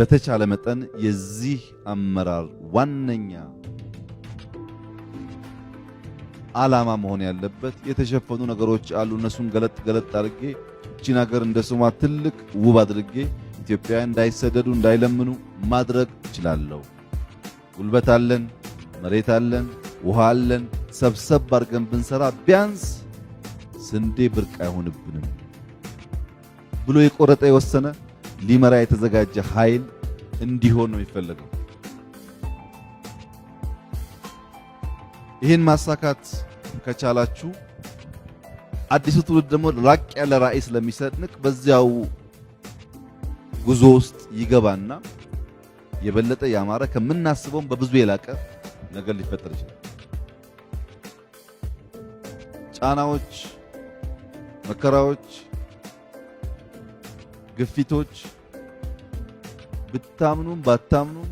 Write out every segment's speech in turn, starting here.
በተቻለ መጠን የዚህ አመራር ዋነኛ ዓላማ መሆን ያለበት የተሸፈኑ ነገሮች አሉ። እነሱን ገለጥ ገለጥ አድርጌ እቺን ሀገር እንደ ስሟ ትልቅ ውብ አድርጌ ኢትዮጵያ እንዳይሰደዱ እንዳይለምኑ ማድረግ እችላለሁ። ጉልበት አለን፣ መሬት አለን፣ ውሃ አለን። ሰብሰብ አድርገን ብንሰራ ቢያንስ ስንዴ ብርቅ አይሆንብንም ብሎ የቆረጠ የወሰነ ሊመራ የተዘጋጀ ኃይል እንዲሆን ነው የሚፈለገው። ይህን ማሳካት ከቻላችሁ አዲሱ ትውልድ ደግሞ ራቅ ያለ ራዕይ ስለሚሰንቅ በዚያው ጉዞ ውስጥ ይገባና የበለጠ ያማረ ከምናስበውም በብዙ የላቀ ነገር ሊፈጠር ይችላል። ጫናዎች፣ መከራዎች ግፊቶች ብታምኑም ባታምኑም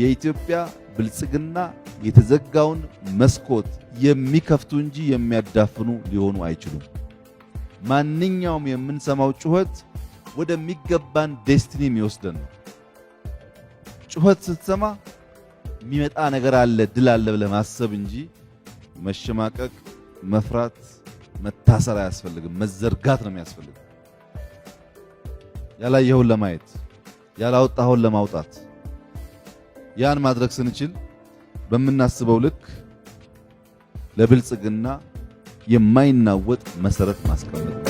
የኢትዮጵያ ብልጽግና የተዘጋውን መስኮት የሚከፍቱ እንጂ የሚያዳፍኑ ሊሆኑ አይችሉም። ማንኛውም የምንሰማው ጩኸት ወደሚገባን ዴስቲኒ የሚወስደን ነው። ጩኸት ስትሰማ የሚመጣ ነገር አለ፣ ድል አለ ብለህ ማሰብ እንጂ መሸማቀቅ፣ መፍራት፣ መታሰር አያስፈልግም። መዘርጋት ነው የሚያስፈልግ ያላየኸውን ለማየት ያላወጣኸውን ለማውጣት ያን ማድረግ ስንችል በምናስበው ልክ ለብልጽግና የማይናወጥ መሰረት ማስቀመጥ